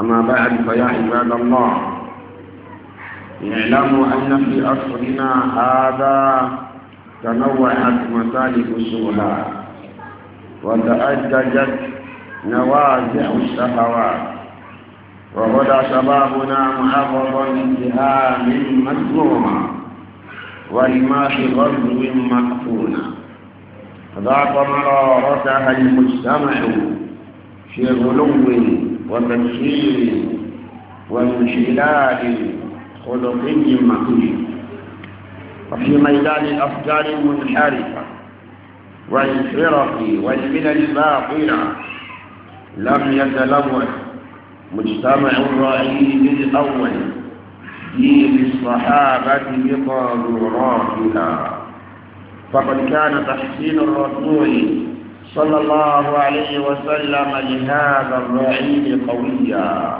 أما بعد فيا عباد الله اعلموا أن في عصرنا هذا تنوعت مسالك السهولة وتأججت نوازع الشهوات وهدى شبابنا معرضا لاتهام ولما في غزو مقتولا ذاق مرارتها المجتمع في غلو وتبشير وانشلال خلقي مقيم وفي ميدان الأفكار المنحرفة والفرق والملل الباطلة لم يتلوث مجتمع الرئيس الأول دين الصحابة بضروراتها فقد كان تحسين الرسول صلى الله عليه وسلم لهذا الرعيل قويا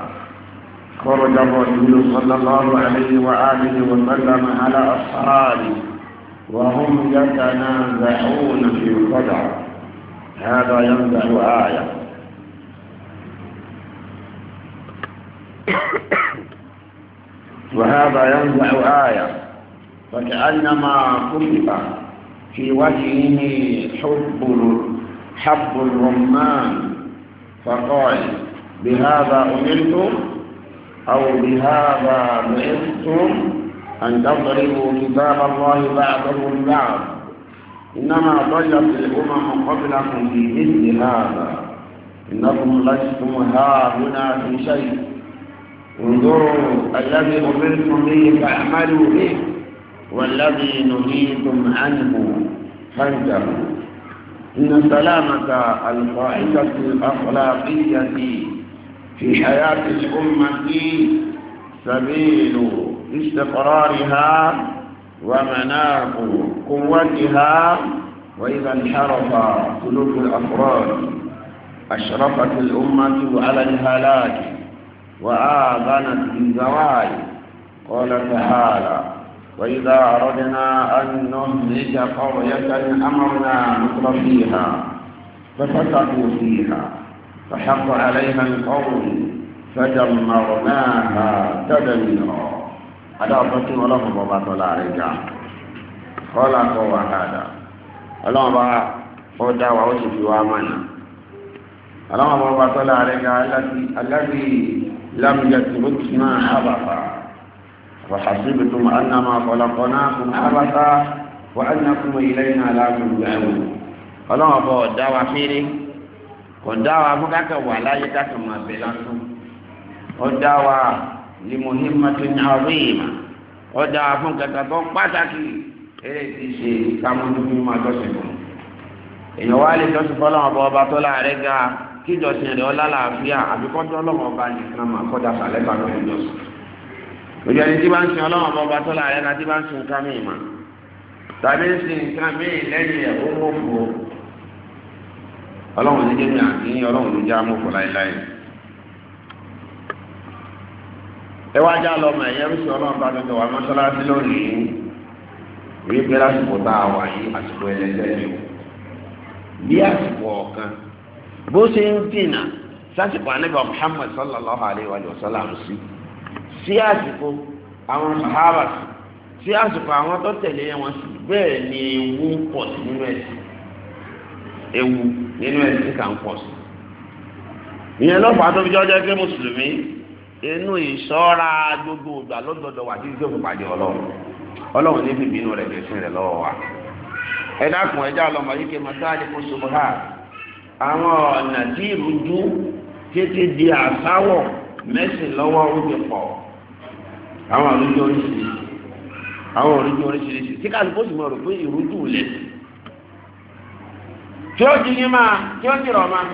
خرج الرسول صلى الله عليه وآله وسلم على أصحابه وهم يتنازعون في الخدع هذا ينزع آية وهذا ينزع آية فكأنما كتب في وجهه حب حب الرمان فقال بهذا أمرتم أو بهذا بعثتم أن تضربوا كتاب الله بعضهم بعض إنما ضلت الأمم قبلكم في مثل هذا إنكم لستم ها هنا في شيء انظروا الذي أمرتم به فاعملوا به والذي نهيتم عنه فانتهوا إن سلامة القاعدة الأخلاقية في حياة الأمة سبيل استقرارها ومناخ قوتها وإذا انحرف سلوك الأفراد أشرفت الأمة على الهلاك وآذنت بالزوال قال تعالى وإذا أردنا أن نهلك قرية أمرنا متر فيها ففسقوا فيها فحق عليها القول فدمرناها تدميرا هذا أبطي وله ببطل عليك خلق وهذا ọlọ́run bá ọ dá wa ó sì fi wá mọ̀nà ọlọ́run bá ọba tọ́lá وحسبتم أنما خلقناكم عبثا وأنكم إلينا لا ترجعون ọlọ́run ọba ọ̀dá wa fínrín kò dá wa fún kákẹ́ wà láyé kákẹ́ mọ̀ abẹ́ lásán ọ̀dá wa ni mo ní mọ́tò ní ọdún yìí mà ọ̀dá wa fún kẹta tó pàtàkì eré ti ṣe kámọ́tò fún ma jọ́sìn fún èèyàn wá lè jọ́sìn fún ọlọ́run ọba ọba tó láàrẹ́ ga kí jọ́sìn rẹ̀ ọlá làáfíà àbíkọ́jọ́ ọlọ́run ọba nìkan mà kọ́dà sàlẹ́ bàbá ìjọsìn. òjò ẹni tí bá ń sin ọba bá ń sin tàbí ń sin lẹ́yìn àti ló láéláé ẹ wá já lọ́mọ ń sin mọ́ṣáláṣí lónìí rí pé lásìkò tá a wà yí àsìkò ẹlẹ́gbẹ́ ni o bí àsìkò ọ̀kan bó ṣe ń dìnnà sásìkò àníbà sallallahu alayhi sí àsìkò àwọn sàhábà sí sí àsìkò àwọn tó tẹ̀lé wọn sí bẹ́ẹ̀ ni ewu pọ̀ sí nínú ẹ̀sìn ewu nínú ẹ̀sìn kan pọ̀ sí. ìyẹn lọ́fàá tó fi jọ́jọ́ pé mùsùlùmí inú ìṣọ́ra gbogbo ìgbà ló gbọdọ̀ wà títí tó fi pàdé ọlọ́run ọlọ́run ní bíbí inú rẹ̀ gbèsè rẹ̀ lọ́wọ́ wa. ẹ dákun ẹja ọlọmọ yìí ké masáàlì kó so ha àwọn ọ̀nà tí ìrújú títí di àsáwọ̀ mẹ́sìn lọ́wọ́ ó ti pọ̀ àwọn àrùjọ oríṣiríṣi àwọn àrùjọ oríṣiríṣi tí kálukó sì mọ̀ rò pé ìrújú lẹ̀ tí ó ti ní máa tí ó ti rọ̀ máa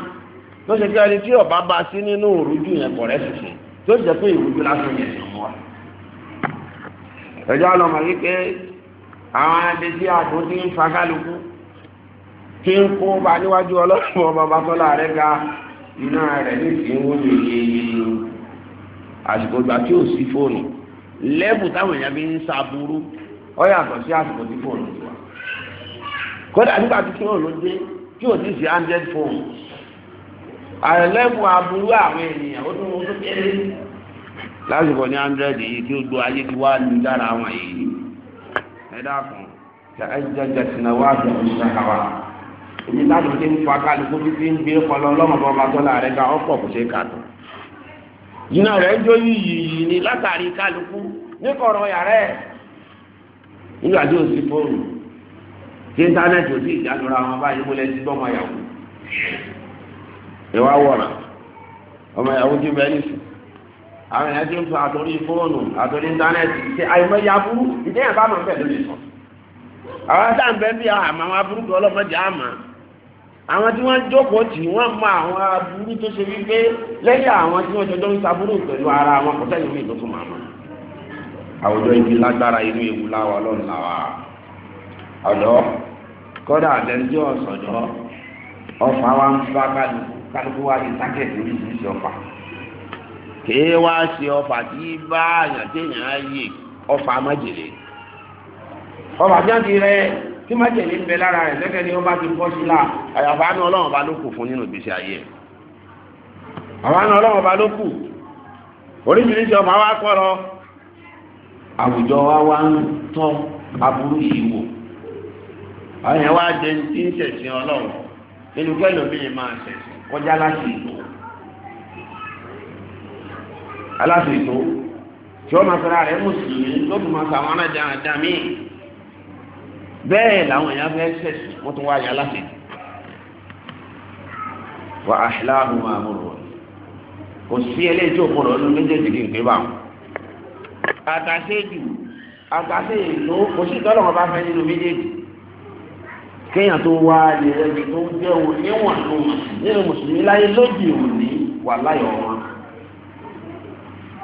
ló ṣe kí ẹni tí ọba bá sí nínú ìrújú yẹn kọ̀ rẹ́ ṣiṣẹ́ tí ó jẹ́ pé ìrújú lásán yẹn ti mú wa. ẹjọ́ lọ́mọ yìí pé àwọn adé tí àtò ti ń fa kálukú tí ń kó bá níwájú ọlọ́run ọba bá tọ́lá rẹ̀ ga iná rẹ̀ ní ìwúni yeye àsìkò ìgbà tí ò sí fóònù lẹ́bù táwọn èèyàn fi ń ṣàbúrú ọ sí àsìkò tí fóònù ti wà kódà nígbà tí fóònù ló dé tí ò sì ṣe hundred fóònù àlẹ́bù aburú àwọn ènìyàn ó tún ojú kéré lásìkò ní hundred yìí tí ó gbọ́ ayé ní dára àwọn ẹ dákun ṣe ẹ jẹjẹ èmi iná rẹ̀ ń jó yìnyín ni látàrí kálukú níkọ̀rọ̀ yàrá ẹ̀ nígbà tí o sì fóònù tí íńtánẹ́ẹ̀tì ò sí ìdánura wọn báyìí mo lẹ ti ọmọ yàwó ìwà wọ̀ràn ọmọ yàwó ti bẹ́ẹ̀ àwọn ti ń sọ àtòrí fóònù àtòrí íńtánẹ́ẹ̀tì ṣe ya bá mọ̀ bẹ́ẹ̀ sọ àwọn bí aburú àwọn tí wọ́n jókòó tì wọ́n mọ àwọn aburú tó ṣe wípé lẹ́yìn àwọn tí wọ́n jọjọ́ ń saburú pẹ̀lú ara wọn kò sẹ́yìn omi ìdókòó máa mọ̀. àwùjọ ibi lágbára inú ewu láwa ọlọ́run láwa ọ̀dọ́ kọ́dà àtẹnudí ọ̀sọ̀dọ́ ọ̀fà wa ń bá kálukú wa di tákẹ́ẹ̀tì oríṣiríṣi ọ̀fà kèé wá ṣe ọ̀fà tí bá àyàn téèyàn á yè ọ̀fà májèlé ọ̀fà tí wọ́n ti rẹ́ tí májèlé ń bẹ lára rẹ̀ lẹ́gẹ̀ẹ́ ni ó bá ti bọ́ sí la àyàfà ní ọlọ́run ọba ló kù fún nínú ìgbésí ayé ẹ̀ àwa ní ọlọ́run ọba ló kù oríṣiríṣi ọmọ wa kọ́rọ̀ àwùjọ wa wá ń tọ́ aburú yìí wò àwọn yẹn wá jẹ ti ń ṣẹ̀sìn ọlọ́run nínú kẹ́lò mi lè máa ṣẹ̀sìn kọjá láti ìlú aláṣẹ ìlú tí wọ́n máa fẹ́ra rẹ̀ mùsùlùmí ló fi máa sàwọn anájà àdá míì bẹ́ẹ̀ làwọn èèyàn fẹ́ sẹ̀sì wọ́n tún wáyà láti wà áhìláàbù máa mú rọ̀ kò sí eléyìí òkú rọ̀ ọdún méjèèjì kì í pé báwọn. àtàṣe jù àtàṣe ìlú kò sí ìtọ́lọ̀ wọn bá fẹ́ nínú méjèèjì kéèyàn tó wá lè rẹ́bi tó jẹ́ òun níwọ̀n tó nínú mùsùlùmí láyé lójì òní wà láyọ̀ wọn.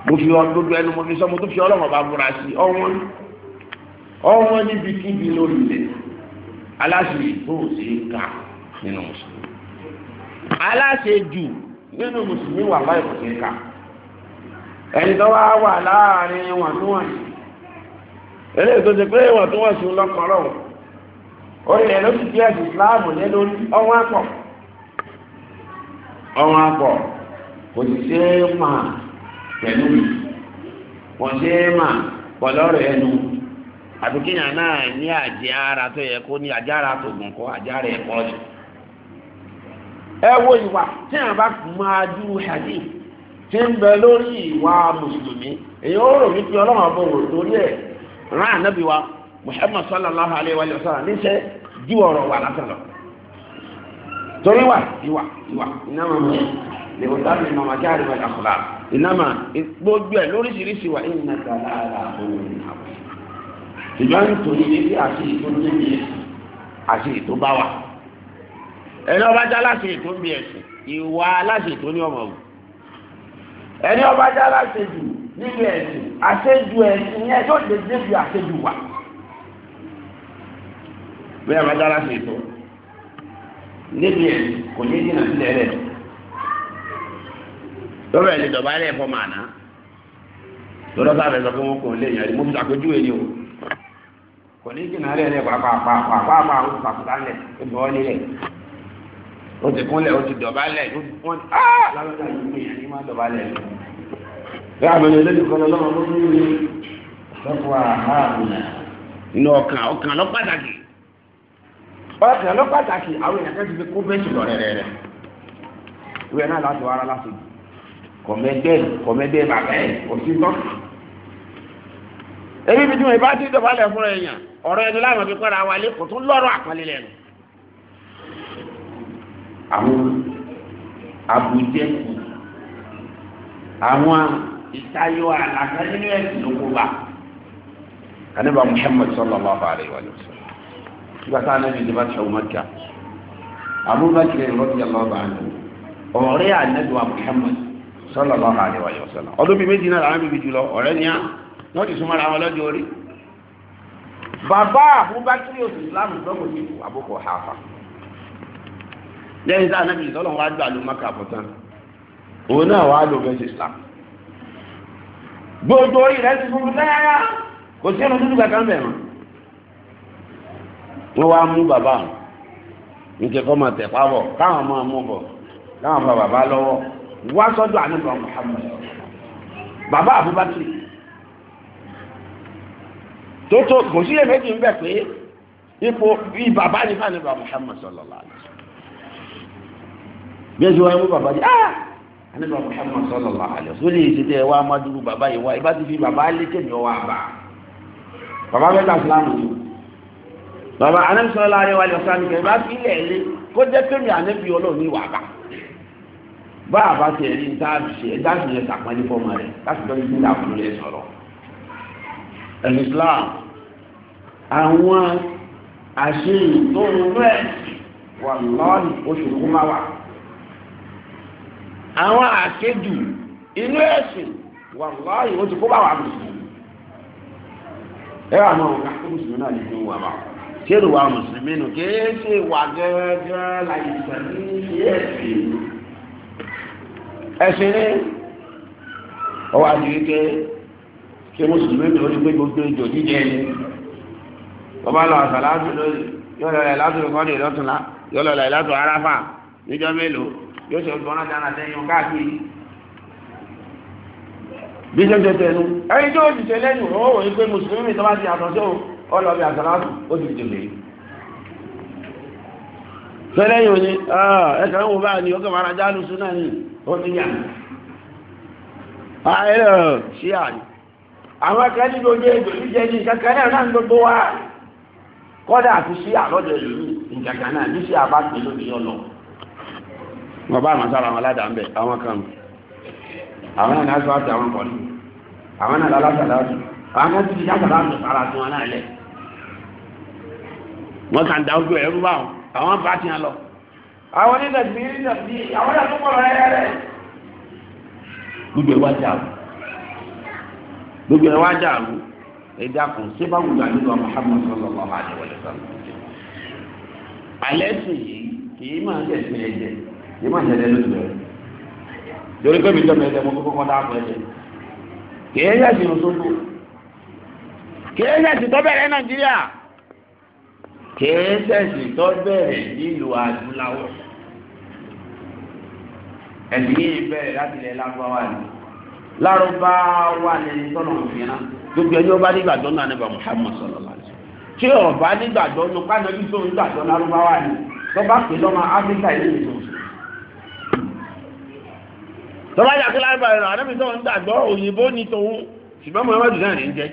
mo fi ọ gbogbo ẹnu mo fi sọ mo tún fi ọlọ́wọ́n bá múra sí ọwọ́n ọmọ níbikíbi lórí ilẹ̀ aláṣẹ ìgbóhùn sí ń kà nínú mùsùlùmí aláṣẹ jù nínú mùsùlùmí wà láì kò sí ń kà ẹni tó wá wà láàrin wàtúwàsí eléyìí tó ti pé wàtúwàsí ńlọkọrọ orí ẹ̀ ló ti jẹ́ ìsìláàmù lé lórí ọwọ́n àpọ̀ ọwọ́n àpọ̀ kò sì ṣe é mà pẹ̀lú wọn ṣe é mà pọ̀lọ́rọ̀ ẹnu. àti náà ní àjẹ ara tó yẹ kó ní àjẹ ara tó gùn kó àjẹ ara ẹ̀kọ́ ẹ wo ìwà tí a bá máa dúró ṣáàjì tí ń bẹ lórí ìwà mùsùlùmí èyí ó rò wípé ọlọ́run ọ̀bọ wò lórí ẹ̀ rán ànábì wa wà lọ. torí wà ìwà ìwà iná máa mú iná máa gbójú ẹ̀ lóríṣiríṣi wà ṣùgbọ́n nítorí níbi àti ètò níbi ẹ̀sìn àti ètò bá wà ẹni ọba já láti ètò níbi ẹ̀sìn ìwà láti ètò ní ọmọ wù ẹni ọba já láti ètò níbi ẹ̀sìn àṣejù ẹ̀sìn yẹn tó lè débi àṣejù wà bí ọba já láti ètò níbi ẹ̀sìn kò ní dínà sílẹ̀ rẹ̀ lọ́wọ́ ẹ̀ lè dọ̀bálẹ̀ fọ́ màná lọ́dọ̀ sáfẹ́ sọ fún wọn kò lè yàn rí mo fi ni o kò ní jìnnà lẹ̀ lẹ̀ pàápàá ó ti pàkúta lẹ̀ ó bọ́ nílẹ̀ ó ti kúnlẹ̀ ó ti dọ̀bálẹ̀ ó ti kún áá lọ́dọ̀ yìí èèyàn ní máa dọ̀bálẹ̀ lọ. bí àbẹ̀lẹ̀ olóyún kan lọ́wọ́ ló ń rí lọ́kọ̀ àhàbùnà inú ọkàn ọkàn lọ pàtàkì ọkàn lọ pàtàkì àwọn èèyàn kan ti fi kó bẹ́ẹ̀sì lọ rẹ̀ rẹ̀ ìwé náà láti wá ara láti kọ̀mẹ́dẹ́ kọ̀mẹ́dẹ́ bàbá ẹ̀ òsì tán ọ̀rọ̀ ẹni láwọn fi pẹ́ra wa lẹ́kọ̀ọ́ tó lọ́rọ̀ àpọ́nlé lẹ́nu. àwọn abùjẹ́kù àwọn ìtayọ àkàndínú ẹ̀sìn ló kó bá. kaníbà Muhammad sallallahu alayhi wa sallam nígbà tá a náà fi dìbà tẹ̀wọ́ mẹ́ta Abubakar radiyallahu anhu ọ̀rẹ́ ànádùá Muhammad sallallahu alayhi wa sallam ọdún bíi méjì náà làwọn bíbí jùlọ ọ̀rẹ́ ni á lọ́ọ̀dì súnmọ́ra wọn lọ́jọ́ orí bàbá àbúbákírì òsì ìsìlámù lọ́kọ̀ sí àbúkọ̀ hafa lẹ́yìn tí anábì sọ́lọ́ wa gbà ló maka àbọ̀tán òun náà wàá lò bẹ́ẹ̀ sí islam gbogbo orí rẹ̀ ti fún un dáyàyà kò sí ẹnu dúdú kankan bẹ̀rẹ̀ wọ́n wá mú bàbá nítẹ̀ kọ́ máa tẹ̀ pàbọ̀ káwọn máa mú bọ̀ káwọn fa bàbá lọ́wọ́ wá sọ́dọ̀ àníbọ̀ Muhammad bàbá àbúbákírì tó tó kò sí ẹ̀ méjì ń bẹ̀ pé ipò bíi bàbá ní fún àníbà Muhammad sallallahu alaihi wasallam bí ẹ ṣe wáyé mú bàbá yìí ah àníbà Muhammad sallallahu alaihi wasallam ó lè ṣe tẹ ẹ wá amádúró bàbá yìí wá ibà ti fi bàbá lékè mi ọwọ́ àbá bàbá bẹ́ẹ̀ ta fúlàmù yìí bàbá àníbà sallallahu alaihi wasallam kẹ bá fi ilẹ̀ lé kó jẹ́ pé mi àníbì ọlọ́run ní wàá bá bá a àwọn àṣeyìn tó ń rẹ̀ wà lọ́ọ̀lì oṣù kó máa wà àwọn àkejù inú ẹ̀sìn wà lọ́ọ̀lì oṣù kó máa wà mùsùlùmí ẹ wà máa wà kó mùsùlùmí náà lè fi wà máa ṣé ló wà mùsùlùmí nù kí ṣe wà gẹ́gẹ́ láì sàní ẹ̀sìn ẹ̀sìn ni ọwọ́ àdìrí pé ṣé mùsùlùmí ló rí pé gbogbo ìjọ jíjẹ ni bọ́bá lọ àṣà láti yóò lọ rẹ̀ láti kọ́ ní yóò lọ rẹ̀ láti aráfà níjọ́ mélòó yóò ṣe gbọ́nà dáná sẹ́yìn káàkiri. bí ṣe ń tẹ tẹnu ẹni tó ti ṣe lẹ́nu ó wòye pé mùsùlùmí tó bá ti àtọ̀ sóhun ó lọ bí àṣà ó ti dìbò yìí. sẹ́lẹ̀yìn òní ẹ̀ka ń wo báyà ni ó kẹ́ máa ra jáde súná ó ti yà. àìrẹ̀ àwọn akẹ́ni kọ́dà àti sí àlọ́dọ̀ ìlú ìjàgbá náà ní sí àbá pé lórí ọlọ. wọn bá àwọn sára àwọn aládàá ń bẹ àwọn kan àwọn náà lásán àti àwọn kọ́ni àwọn náà lásán láti àwọn náà ti di yàtọ̀ láti sára tiwọn náà lẹ. wọn kàn dá ojú ẹrú báwọn àwọn bá tiẹ̀ lọ. àwọn ní dàbí ní dàbí àwọn náà tó kọ̀ lọ́rẹ́ rẹ̀ rẹ̀. gbogbo ẹ̀ wá jà gbogbo ẹ̀ wá jà ẹja kò sébà wùdà nínú Muhammad sallallahu alaihi wa sallam. alẹ́ sì yìí kì í máa tẹ̀sí ẹ̀jẹ̀ kì í máa tẹ̀lé lóṣù rẹ̀. lórí pé mi tọ́mọ ẹ̀jẹ̀ mo tó kọ́kọ́ dá àpò ẹ̀jẹ̀. kì í yẹ sí Òṣogbo kì í yẹ tó bẹ̀rẹ̀ Nàìjíríà kì í sẹ̀sì tó bẹ̀rẹ̀ nílùú adúláwọ̀ ẹ̀sìn yìí bẹ̀rẹ̀ láti ilẹ̀ lágbáwá ni lárúbáwá ni tọ́nà òfin gbogbo ẹni ọba nígbàgbọ́ náà nígbà Muhammad sallallahu alaihi wasallam tí ọba nígbàgbọ́ ní pàdánù tó ń gbàgbọ́ lárúbáwá ni tọ́ba pè lọ́mọ áfíríkà ilé ìlú tọ́ba jà kí lárúbáwá rẹ̀ àdébí tó ń gbàgbọ́ òyìnbó ni tòun ṣùgbọ́n Muhammad náà ní jẹ́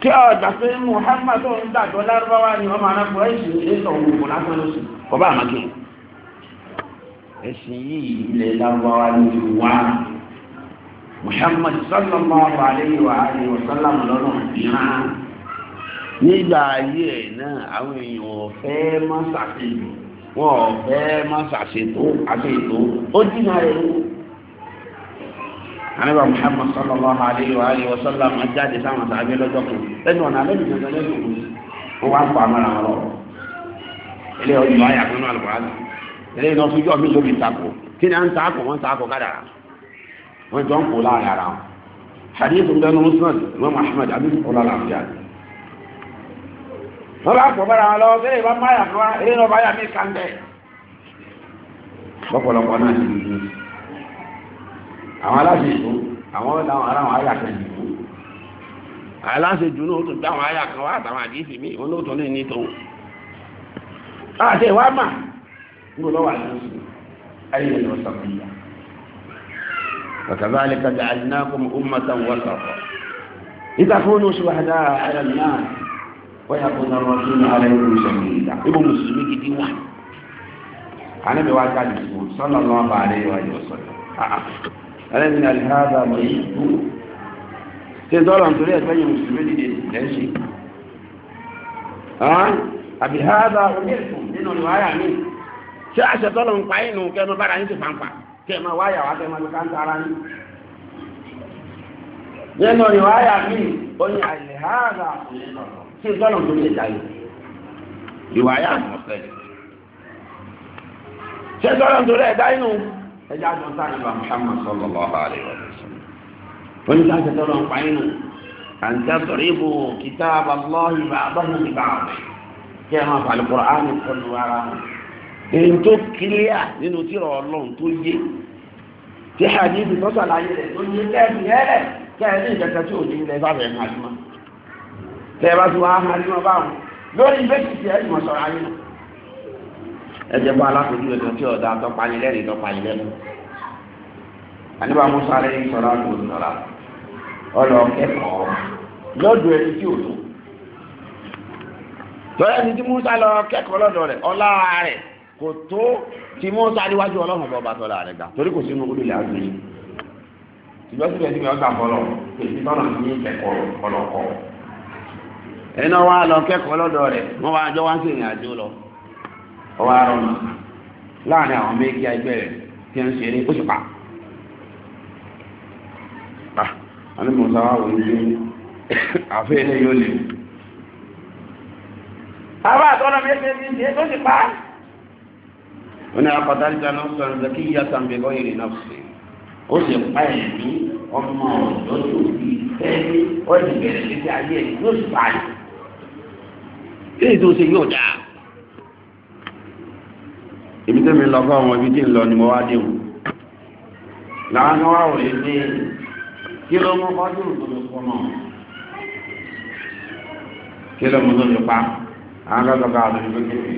kí ọjà pé Muhammad tó ń gbàgbọ́ lárúbáwá ni ọmọ arákùnrin ẹ̀sìn ilé ìtọ̀hún kò lásán lọ́sùn kọ́ bá àmàkì ẹ̀sìn yìí ilẹ̀ lárúbáwá ni wà á muhammad sallallahu alayhi wa alayhi wa sallam lọ́nà ìran nígbà ayé ẹ̀ náà àwọn èèyàn ọ̀fẹ́ má ṣàṣeyọ wọn ọ̀fẹ́ má ṣàṣetò àṣetò ó dínà rẹ̀ anaba muhammad sallallahu alayhi wa alayhi wa sallam ajáde sáwọn sàbẹ lọ́jọ́ kan lẹ́nu ọ̀nà alẹ́ nìkan kan lẹ́nu òkú wọn wá ń pa àmàlà wọn lọ ilé ọjọ́ ayé àkànnú àlùkò àlù ilé ìnáwó fújọ́ mi lóbi ń takò kí ni à ń takò wọ́n ń takò kádàrà wọ́n jọ ń kó láàrin ara wọn hadith ń bẹnu muslim imam ahmed abid ọlá làbíyà wọ́n bá kọ̀ bára wọn lọ sí ìbá máyà fún wa eré náà báyà mí kan bẹ́ẹ̀ lọ́pọ̀lọpọ̀ náà ti dùn dùn àwọn aláṣẹ ìlú àwọn ọ̀dà àwọn ará àwọn ayà kan ìlú aláṣẹ ìlú náà ó tún dá àwọn ayà kan wá àtàwọn àdìsí mi òun ló tún lè ní tòun àti ìwà mà ń gbọ́dọ̀ wà lóṣù ayé ìlú ọ̀sán bíyà. وكذلك جعلناكم أمة وسطا لتكونوا شهداء على الناس ويكون الرسول عليكم شهيدا ابن مسلمين دي واحد أنا بواقع المسلمون صلى الله عليه وآله وسلم أنا من هذا مريض تدور أن تريد بني مسلمين دي ليش ها أبي هذا أمركم لأنه رواية عنه شاء شطر من كانوا بعد عن تفعن kẹ́ máa wáyà wá kẹ́ máa lọ káńtà ara ní. nínú ìwáyà mi ó ní àìlè hàrà sí ìtọ́nà tó ṣe dàyò ìwáyà mọ̀ fẹ́. ṣé tọ́lọ̀ tó rẹ̀ dáínú ẹja tó sáà nípa Muhammad sallallahu alaihi wa sallam. oníṣàṣẹ tọ́lọ̀ ń pa inú àǹtí àtọ̀rẹ́bù kìtàbà lọ́ọ̀hì bàbáhùn ìbàbẹ̀ kí ẹ máa fà lùkùrọ̀ ánì pẹ̀lú ara wọn. kílíà nínú tírà ọlọ́run tó yé tí hadithi tó sàlàyé rẹ̀ tó yé kẹ́ẹ̀mí ẹ̀rẹ̀ kẹ́ẹ̀mí ìkẹta tí ò ní ilẹ̀ bá bẹ̀rẹ̀ hàlímọ́ tẹ́ ẹ bá ti wá hàlímọ́ báwọn lórí bẹ́ẹ̀kì tí ẹ̀rì mọ̀ sọ̀rọ̀ ayé ẹ jẹ́ bá alákojú ẹ̀kan tí ọ̀dà tọpanilẹ́rìí tọpanilẹ́nu àníbà musa sọ̀rọ̀ àti òṣùnàlà ọlọ kẹ́kọ̀ọ́ lọ́dọ̀ ẹni tí ò tó tọ́lá tí musa lọ kẹ́kọ̀ọ́ lọ́dọ̀ rẹ̀ ọlá kò tó tí mú sáríwájú ọlọ́run bọ́ bá tọ́lá rẹ̀ ga torí kò sínú olùlẹ̀ àgbè ṣùgbọ́n síbẹ̀síbẹ̀ ọgbà fọlọ́ èyí ní ìkẹ́kọ̀ọ́ ọlọ́kọ̀ ẹ̀nà wa lọ kẹ́kọ̀ọ́ lọ́dọ̀ rẹ̀ wọ́n wá jọ wá àjò lọ Ọ arọ́ rọrùn. láàrin àwọn méjì ẹgbẹ́ rẹ̀ tí ń ṣeré ó sì pa àní musa wà ilé yóò lè. àbá àtọ́nà wọn ni akọ̀dáríjà náà sọ ẹ̀rọ kí yíyá tàbí ẹ̀kọ́ yìí náà sí ó sì pa ẹ̀mí ọmọ ọ̀dọ́ tó fi fẹ́ẹ́ ó sì bẹ̀rẹ̀ títí ayé ẹ̀ yóò sì pa ẹ̀ kí ni tó ṣe yóò dáa ibi tẹ́mi lọ fún ọmọ ibi tí ń lọ ni mo wá dé wò làwọn wá wò lé pé kí ló mú ọdún tó lè pọ̀ náà kí ló mú tó lè pa àwọn akẹ́kọ̀ọ́ ká lórí pé kékeré.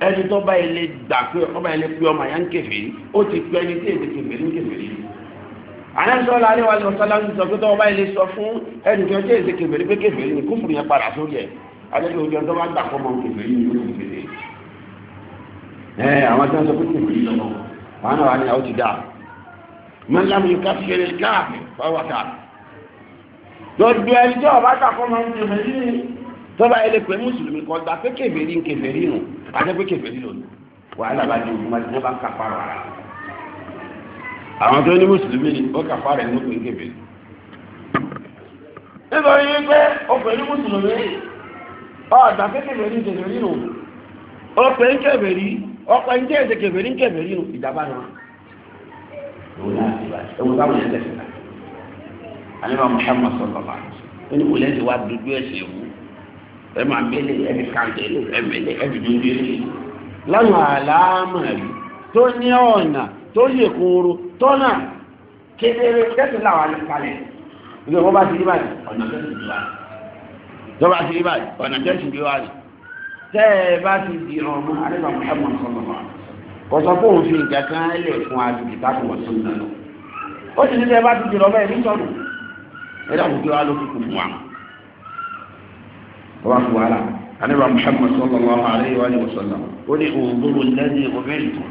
ẹni tó bá ilé gbà pé ọmọ ilé pé ọmọ yẹn ń kèfèrí ó ti pé ẹni tí èdè kèfèrí ń kèfèrí àyànjọ́ lálẹ́ wa lọ sọ́lá ń sọ pé tọ́wọ́ bá ilé sọ fún ẹni tó tí èdè kèfèrí pé kèfèrí ni kúfùrù yẹn padà sórí ẹ̀ adébíyẹ ojú ọjọ́ bá gbà fọmọ kèfèrí ni ó ti kèfèrí ẹ àwọn tí wọ́n sọ pé kèfèrí lọ́wọ́ wọn náà wà ní àwọn ti dà mọ́lámù yìí ká fèrè káàpì fọwọ́ káàpì lọ́dún ẹni tí ọba gbà fọmọ kèfèrí tọ́ba yẹn lè pè mùsùlùmí kan gba pé kèfèrí ń kèfèrí nù àti pé kèfèrí lòdù wàhálà bá di ojúmọ́ tí wọ́n bá ń kàfà rà rà àwọn tó ní mùsùlùmí ni ó kàfà rẹ̀ ló pè ń kèfèrí. nítorí pé ó pè ní mùsùlùmí ọ̀dà pé kèfèrí ń kèfèrí nù ó pè ń kèfèrí ọ̀pọ̀ ń jẹ́ kèfèrí ń kèfèrí nù ìjàmbá náà. ewu táwọn yẹn lẹsẹ̀ náà alẹ́ bá Muhammad sọ̀rọ̀ bá ẹni wò lẹ́sẹ̀ wá dojú ẹ̀sẹ̀ wò ẹ máa mélé ẹbí kàndélé ẹmẹlé ẹbí dundélé lánàá àlámàrí tó ní ọ̀nà tó yẹ kóró tọ́nà kedere tẹ́sán làwọn àlùkalẹ̀ ìgbà wọn bá ti rí báyìí ọ̀nà tẹ́sán ti wá rí tọ́ba ti rí báyìí ọ̀nà tẹ́sán ti wá rí tẹ́ ẹ bá ti di ọmọ àdébà mọ́tàmọ́ sọ́mọ́mọ́ kọ̀sọ́ fún òun fi ìjà kan lè fún adùnkì táàkùn wọ́n sọ́mọ́ náà ó sì ní tẹ́ ẹ bá ti di ọmọ ẹ̀mí sọ́nù ẹ̀dá òkú wa ló kúkú fún wa ọba fún wàhálà anábà muhammad sallallahu alayhi wa sallam ó ní òǹdóró lẹ́ni ọ̀bẹ́ẹ̀tù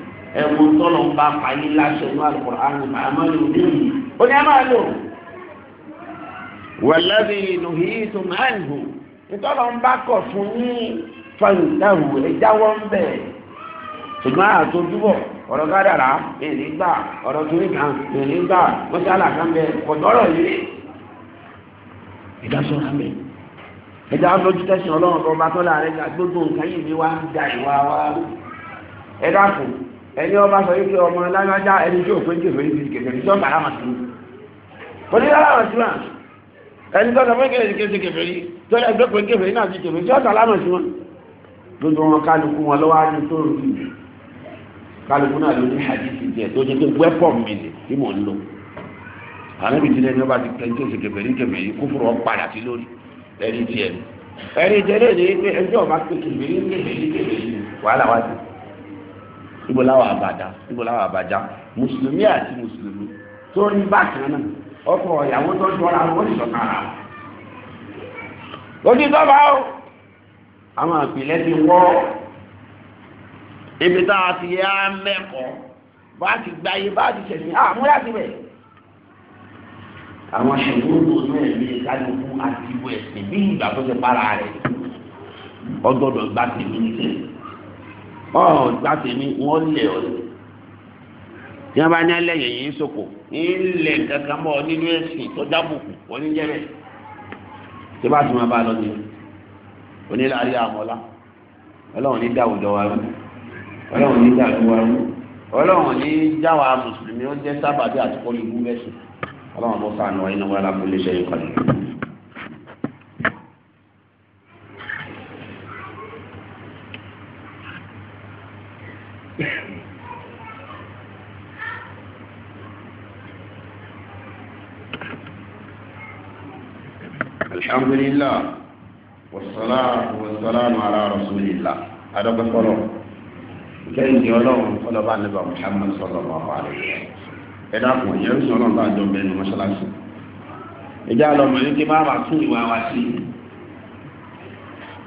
ẹ̀wọ̀n tọ́lọ̀ ń bá fàyè láṣẹ ní alukọ̀ránù màmá ló dé yìí ó ní ẹ máa lò. wàlẹ́bí nuhiyitu mẹ́hìnbù ìtọ́lọ̀ ń bá kọ̀ fún yín fàyìntàwù ẹ̀jáwọ́ ń bẹ̀ ṣùgbọ́n àtọ́júbọ̀ ọ̀rọ̀ gádàrá èlé gbà ọ̀rọ̀ tó nígbà èlé gbà mọ́ṣálà kan bẹ kọ̀dọ́rọ̀ yìí ìdásọ́ra mẹ́rin ẹjẹ amójú tẹsán ọlọ́run tó bá tó láàrin ká gbogbo nǹkan yìí ni wá ń da ìwà wa ẹ dàpọ̀ ẹni ọba sọ wípé ọmọ lágbájá ẹni tí òfin kẹfẹ ní ti kẹfẹ ní sọ bàrà màtí kò ní lára màtí mà ẹni tó sọ fún kẹfẹ kẹfẹ kẹfẹ ní tó yẹ gbé pé kẹfẹ náà ti kẹfẹ tí ó sọ lámà gbogbo wọn kálukú wọn lọ́wọ́ á tó rú kálukú náà ló ní hadith jẹ tó jẹ pé wẹ́pọ̀ mi ni tí mò ń lò. àwọn ibi tí ẹni ọba ti kẹfẹ ní kẹfẹ ní kúfùrù ọ lẹ́ni tiẹ̀ ẹni jẹ́lẹ̀ ní pé ẹjọ́ ọba kékeré ní kékeré kékeré wàhálà wá sí ibo láwọn àbàdà ibo láwọn àbàjá mùsùlùmí àti mùsùlùmí tó ní bákan náà ọkọ ìyàwó tó ń tọ́ra wọn ní sọ̀kan ara lójú tó bá ó àwọn àpilẹ̀ ti wọ́ ibi tá a ti yẹ á mẹ́kọ̀ọ́ bá ti gbáyé bá ti ṣẹ̀sìn àmúyàtì bẹ́ẹ̀ àwọn ṣòwòrò náà ní kálukú àti ìwé ẹ̀sìn bí ìgbà tó ti para rẹ̀ ọgbọ́dọ̀ gbá tèmi nìkẹ́ ọ̀hún gbá tèmi wọ́n lẹ̀ ọ́ tí wọ́n bá ní ẹlẹ́yìn yìí sòkò ńlẹ̀ kankan mọ́ nínú ẹ̀sìn tó dábùkù wọ́n ní jẹ́rẹ̀ tí bá tún máa bá lọ ní onílàárí àmọ́lá ọlọ́run ní dáwùjọ wa rú ọlọ́run ní dáwùjọ wa rú ọlọ́run ní jáwa mùsùlùmí ó jẹ́ sábàbí àtikọ́ ìbú mẹ́sìn. ọlọ́run bó sànù ẹ̀yìn كل شيء قدير الحمد لله والصلاة والسلام على رسول الله هذا بطلون كان يقولون صلى الله عليه وسلم محمد صلى الله عليه وسلم ẹ̀dá kan ìyẹn ń sọ̀rọ̀ bá jọ bẹ́ẹ̀ ní mọ́ṣáláṣí ìjà lọ́mọ ní kí máa máa tún ìwà wa sí i.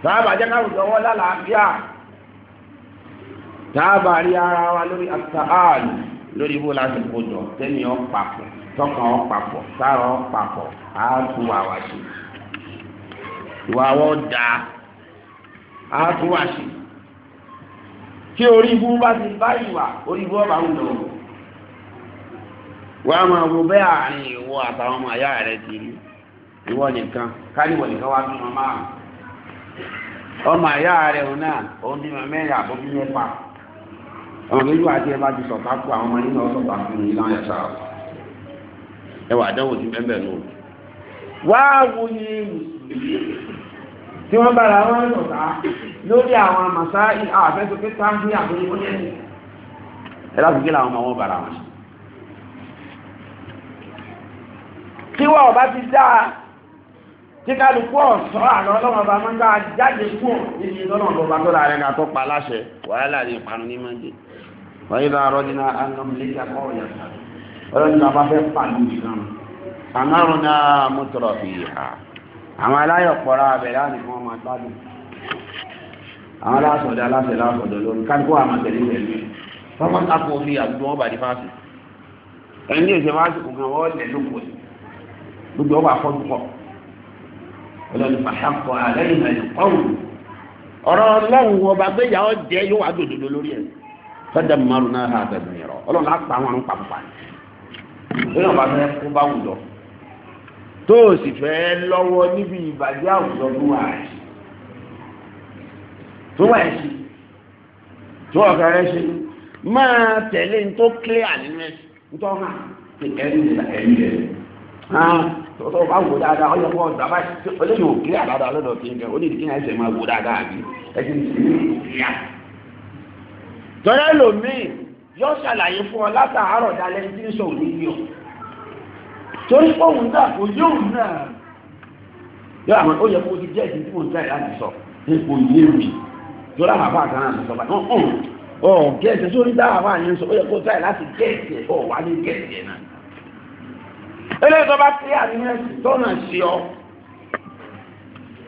sábà jẹ́ káwùjọ wọn lálàáfíà sábà rí ara wa lórí àtàlù lórí ibú láti kójọ tẹ́mi ọ́ papọ̀ tọkàn ọ́ papọ̀ sára ọ́ papọ̀ á tún wà wá sí i. ìwà wọn dáa á tún wà sí i. kí orí ibú bá ti bá ìwà orí ibú ọba ń lọ wà á máa wo bẹ́ẹ̀ àárín ìwọ àtàwọn ọmọ àyá rẹ ti rí ìwọ nìkan káníwọ̀ nìkan wá bímọ máa ọmọ àyá rẹ òun náà òun bímọ mẹ́rin àbọ̀ bí mẹ́fà ọmọ méjì àti ẹ bá ti sọ̀tà kú àwọn ọmọ nínú ọ̀sọ̀tà fún mi láwọn ẹ̀ṣà ẹ wà àdánwò ti bẹ́ẹ̀ bẹ́ẹ̀ nù. wá wo ni tí wọ́n bára wọn sọ̀tà lórí àwọn àmàṣá àfẹ́sọ̀kẹ́ta ní àbẹ̀yẹ ẹ̀ láti gé wọn bára wọn tí wọ́n ọba ti dáa tí kálukú ọ̀sán àlọ́ ọlọ́run ọba máa ń dáa jáde fún ọ níbi ìtọ́nà ọba tó láàrin ká tó pa láṣẹ wàhálà lè parun ní mọ́jẹ. wọ́n yí bá rọ́jú náà anamílẹ́kì akọ́wọ̀ yẹn sáré ọlọ́run náà bá fẹ́ pàlú nìkan. àmọ́rún náà mú tọrọ fi hà àwọn aláyọ̀ pọ̀ra abẹ̀ láti fún ọmọ àgbàdo. àwọn aláṣọ̀dọ̀ aláṣẹ láṣọ̀dọ̀ lórí kálukú àmọ̀ tẹ̀lé tẹ̀lé fọ́nmọ́n gbogbo ọwọ́ afọ́jú kọ ọlọ́ni pàṣẹpọ̀ alẹ́ ìmọ̀ ẹ̀ pọ́ùn ọ̀rọ̀ ọlọ́run ọba gbéyà ọ jẹ́ yóò wá dòdòdó lórí ẹ̀ fẹ́dẹ̀ márùn náà ha àtẹ̀dùn yẹ̀rọ ọlọ́run á pa àwọn àrùn pàpàpà lórí ọba fẹ́ kó bá wùdọ̀ tó o sì fẹ́ lọ́wọ́ níbi ìbàjẹ́ àwùjọ tó wà ẹ̀ tó wà ẹ̀ sí tó ọ̀kẹ́ rẹ̀ sí máa tẹ̀lé ní tó clear nínú ẹ̀ ní tó hàn ẹ̀rí ẹ̀ tọ́tọ́ bá wò dáadáa ọyọ fún ọ̀dà báyìí olóyè ò kílẹ̀ àdáadáa lọ́dọ̀ fi gẹ̀ ó lè kí ẹsẹ̀ máa wò dáadáa bí ẹsẹ̀ ní ìyá. tọ́lá lòmíì yóò ṣàlàyé fún ọ látàárọ̀ dalẹ́ tí ń sọ òní yọ torí fóun náà kò yóò náà yọ àwọn ó yẹ kó ti jẹ́ ìdí tí mo láti sọ ní kò mi tọ́lá àbá kan náà sọ báyìí ọ̀ gẹ̀ẹ́sì sórí dáhà eléyìí tó bá ti àníyàn tọ́nà sí ọ.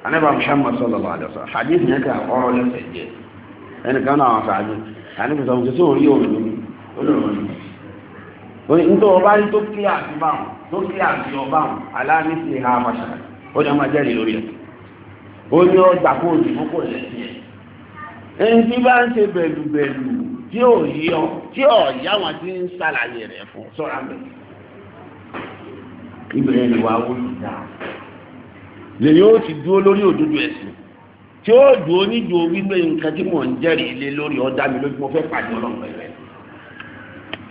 anábà Muhammad sallallahu alaihi wasallam hadith yẹn kà ọ̀rọ̀ lẹsẹ jẹ ẹnìkan náà wọn fàájú àníbi sọ wọn sọ orí òun lómi olóòrùn orí nítorí ọba ní tó kílẹ̀ àti báwọn tó kílẹ̀ àti ọbáwọn aláàánú sí ha àmàṣà ó ní ọmọ jẹ́rìí lórí ẹ̀ ó ní ọgbà kó o dìbò kó lẹ́sìn ẹ̀ ẹni tí bá ń ṣe bẹ̀lùbẹ̀lù tí ò yí ọ tí ò yá wọn ti ń ṣàlàyé rẹ̀ fún sọ́ra mẹ́rin ìbẹ̀rẹ̀ ni wàá wò sí dáa lèyìn ó ti dúró lórí òdodo ẹ̀sìn tí ó dùn onídùn omi pé nǹkan tí mò ń jẹ́rìí lé lórí ọ̀dà mi lójú mo fẹ́ pàdé ọlọ́run pẹ̀lẹ́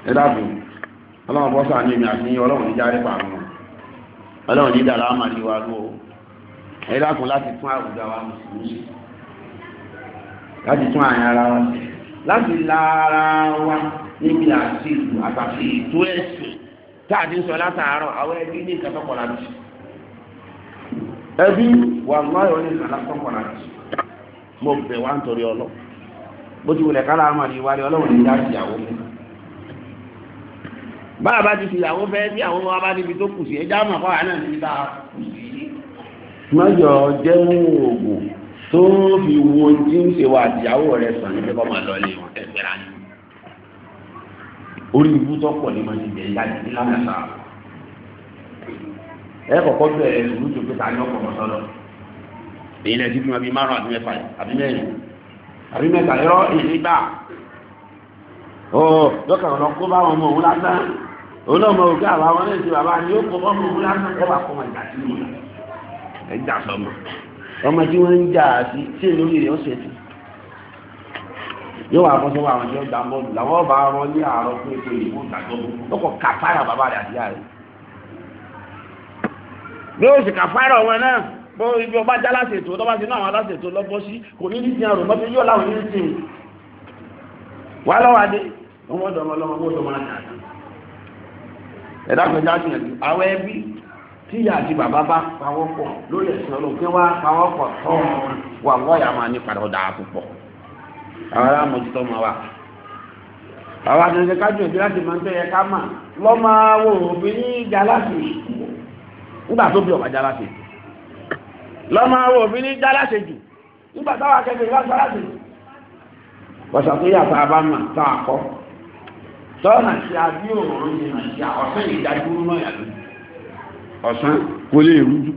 ẹ dábòó ọlọ́run bọ́ sáà ní èmi àti ọlọ́run ní járe pàrọ̀ ọlọ́run ní dàrá àmàlí wa ló ẹ dákun láti tún àwùjọ wa mùsùlùmí láti tún àyàn ara wa láti la ara wa níbi àti àtàkì ètò ẹ̀sìn táàdì sọ látàárọ̀ àwọn ẹbí ní ìkàtọ kọlá jù ẹbí wà lọyọ ní ìkàtọ kọlá jù mo bẹ̀ wá nítorí ọlọ bó ti wulẹ̀ kálá àmọ́ ni ìwádìí ọlọ́run ní ìdá ìyàwó mi a bá ti fìyàwó fẹ́ bí àwọn wa bá níbi tó kù sí ẹjá àmọ́ kọ́ àná níbi tá a kù sí. mọ́jọ jẹ́ oògùn tó fi wo tí ń ṣe wà ìyàwó rẹ̀ sàn ní kọ́ máa lọ ilé wọn ẹgbẹ́ra ni orí ibú tó pọ̀ ní ma ti bẹ̀rẹ̀ jáde ní lámẹ́sà ẹ kọ̀kọ́ bẹ̀rẹ̀ sùúrù tó pé tani ọkọ̀ mọ̀sọ́lọ̀ èyí lẹ́sí fún abí márùn àbí mẹ́fà àbí mẹ́rin àbí mẹ́ta yọ èyí gbà ó lọ́kàn lọ kó bá wọn mọ̀ òun lásán òun náà mọ̀ òkè àbá wọn lẹ́sìn bàbá ni ó kó bá mọ̀ òun lásán ẹ wà kó wọn jà sí mu ẹ jà sọmọ ọmọ tí wọn ń jà sí yóò wà fún sọ́wọ́ àwọn tí ó gbà bọ́ọ̀lù làwọn bá rọ ní àárọ̀ fún ètò ìlú ìgbàgbọ́ lọ́kọ̀ kàfáyà bàbá rẹ̀ àti ìyá rẹ̀. bí ó sì kàfáyà wọn náà bó ibi ọba já láṣètò tó bá ti ná àwọn aláṣètò lọ́gbọ́ sí kò ní nísìnyí àrùn mọ́tò yóò láwọn ní nísìnyí. wà lọ́wọ́ adé ọmọ ọdọ ọmọ ọlọmọ gbọdọ máa nà ẹ dákun já sí ẹbí àwọn ẹbí tíyà àti bàbá bá pawọ́pọ̀ lórí ẹ̀sìn ọlọ́run kí wọ́n á pawọ́pọ̀ tọ́ wà wọ́ọ̀yà máa ní padà ọ̀dà àpòpọ̀. àwọn ará àmójútó ọmọ wa àwọn àtẹnudẹ kájú òbí láti máa ń tẹyẹ ká mà lọ́mọ wo òbí ìjà láti nígbà tó bí ọ̀bà já láti lọ́mọ wo òbí ìjà láti jù nígbà táwọn akẹ́kọ̀ọ́ ìwà sọ láti wọ́sàkóyà tá a si mà tá a kọ́ tọ́nà sí abí òòrùn ní nàìjíríà ọ̀sán ìdádúró náà yàtọ̀ ọ̀sán kò lè rújú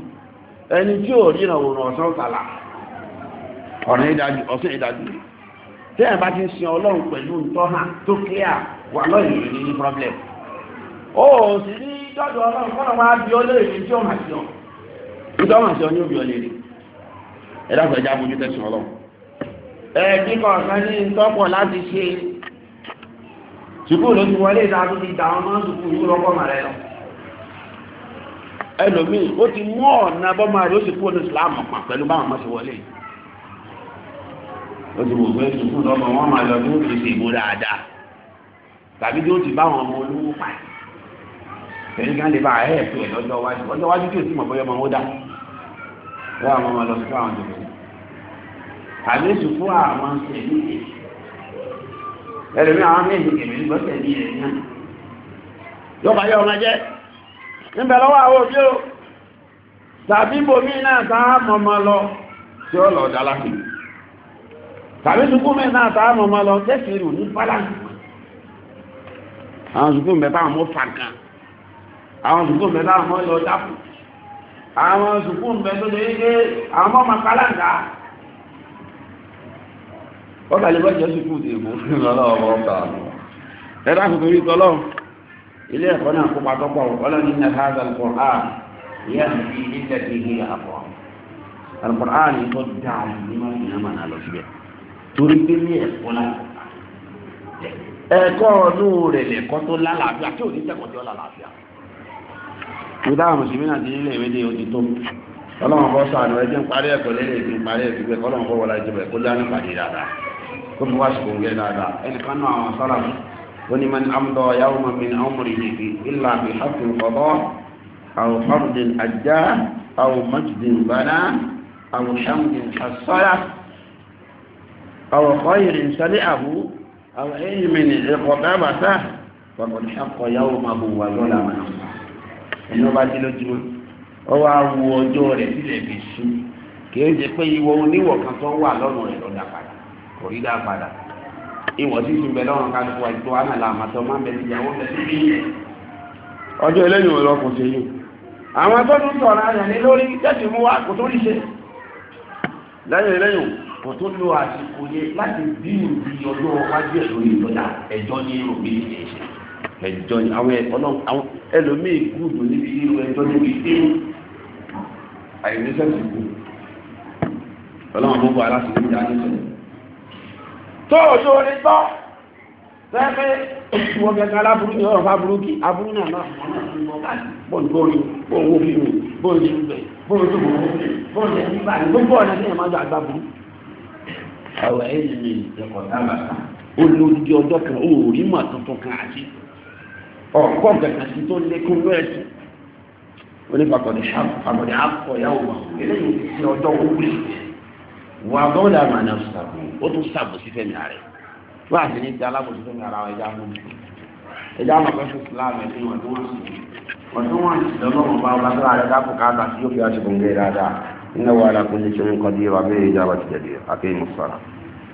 tẹ́yìn bá ti ń sin ọlọ́run pẹ̀lú ìtọ́hà tó clear wà lọ́yìn ní problem. ó sì ní dọ́dọ̀ ọlọ́run kọ́nà máa bí ọ lórí tí ó máa sọ nítorí máa sọ ní òbí ọlẹ́rẹ́ ẹ dákọ̀ ẹja bójú tẹ̀sán ọlọ́run. ẹ kíkọ ọ̀sán ní láti ṣe sùkúù ló ti wọlé ìta tó ti dà wọn máa yìí ọ̀nà bọ́mọ ó ti wò pé sùkúù lọ́mọ wọn máa lọ bí ó ti ṣe ìbò dáadáa tàbí bí ó ti bá àwọn ọmọ olówó pa ẹ̀yìn kan lè bá ẹ̀ ẹ̀fẹ́ lọ́jọ́ wájú lọ́jọ́ wájú tí ò sí mọ̀ bóyá ọmọ wọn dá bẹ́ẹ̀ àwọn ọmọ lọ sí fún àwọn jòkó tàbí sùkúù àwọn ṣẹ̀lí ẹ̀rẹ̀mí àwọn méjì kẹ̀mí lọ́sẹ̀ ní ẹ̀yìn náà yóò bá yọ ọmọ jẹ́ níbẹ̀ lọ́wọ́ àwọn òbí o tàbí bòmí náà tá a mọ̀ mọ́ lọ tí ó lọ tàbí sukú mẹ́ náà tá a mọ̀ mọ́ lọ tẹ́sí rò ní balance àwọn sukú mẹ́ táwọn mọ́ fà kan àwọn sukú mẹ́ táwọn mọ́ lọ dáfù àwọn sukú mẹ́ tó lè gbé àwọn mọ́ máa kálàǹdà wọ́n kà lè bọ́ jẹ́ sukú tì mú lọ́wọ́ ọ̀gá ẹ̀rọ àkókò yìí tọ́lọ́ ilé ẹ̀kọ́ náà kópa tọ́pọ̀ ọlọ́ni ní ẹ̀ka Al-Qur'an yẹ́ ní ilé tẹ̀sí ìhìyà àpọ̀ Al-Qur'an yìí torí pé ní ẹ̀kọ́ la ẹ̀kọ́ ọdún rẹ̀ lẹ̀kọ́ tó lálàáfíà tí ò ní sẹ́kọ̀ọ́ tí ó lálàáfíà. ìdá àwọn mùsùlùmí náà ti nílẹ̀ ìwé de odi tó ọlọ́run bọ́ sọ àná ẹjẹ́ ń parí ẹ̀kọ́ lẹ́yìn ìdí ń parí ẹ̀kọ́ pé ọlọ́run bọ́ wọlé ẹjẹ́ bẹ̀ kó lánà pàdé dáadáa kó fi wá sùkò ńgẹ́ dáadáa ẹnìkan náà àwọn sọ́lá oní man amdọ yàwó ma min amúri yìí ilà bí hafi kọ́kọ́ àwọn hamdin ajá àwọn majdin bana àwọn hamdin asọ́yà. أو خير سمعه أو علم اقتبسه فقد حق يومه وظلم نفسه ẹni ọba ti lójúmọ́ ọwọ́ awo ọjọ́ rẹ̀ sílẹ̀ fi sú kìí ṣe pé ìwọ oníwọ̀ kan tó wà lọ́rùn rẹ̀ lọ́dà padà kò rí dá padà ìwọ sì tún bẹ lọ́rùn ìyàwó bẹ sí bí yẹn. ọjọ́ sí yìí àwọn tó tún sọ̀rọ̀ ní lórí mú wa kò tó kò tó lo àsìkò yẹn láti bí òbí ọjọ́ wájú ẹ̀ lórí ìtọ́jà ẹjọ́ ní òbí ṣe ẹjọ́ àwọn ọlọ́run ẹlòmíì gúdù níbi irú ẹjọ́ níbi irú àìníṣẹ́ sì kú ọlọ́run gbogbo aláṣẹ níbi àníṣẹ́ tó o tó o lè sẹ́fẹ́ wọ́n gẹ́gẹ́ aláburú ní ọ̀rọ̀ fáburúkí aburú náà náà bọ́ọ̀lù bọ́ọ̀lù bọ́ọ̀lù fíìmù bọ́ọ̀lù bọ́ọ̀lù bọ́ọ̀lù bọ́ọ̀lù bọ́ọ̀lù bọ́ọ̀lù bọ́ọ̀lù bọ́ọ̀lù àwọn ẹ̀yìn ẹ̀kọ́ tábà ó lórí ọjọ́ kan ó rí mọ̀ tuntun kan àti ọ̀pọ̀ kankan sí tó lékún lóyè sí onífàkọ̀dé àkọ̀dé àkọ̀yàwó eléyìí ti ọjọ́ wúlé wà bọ́ọ̀lù àmàlà ṣàbò ó tún ṣàbò sí fẹ́mi ààrẹ wọ́n àti ní ti alábòsí fẹ́mi ara wa ẹja mú ẹja mọ̀ pé fún Islam ẹ̀sìn ọdún wọn sì ọdún wọn sì lọ́nà ọba ọba tó àrẹ dákùn káàkiri yóò fi àṣẹ إنه على كل شيء قدير بإجابة جدير أقيموا الصلاة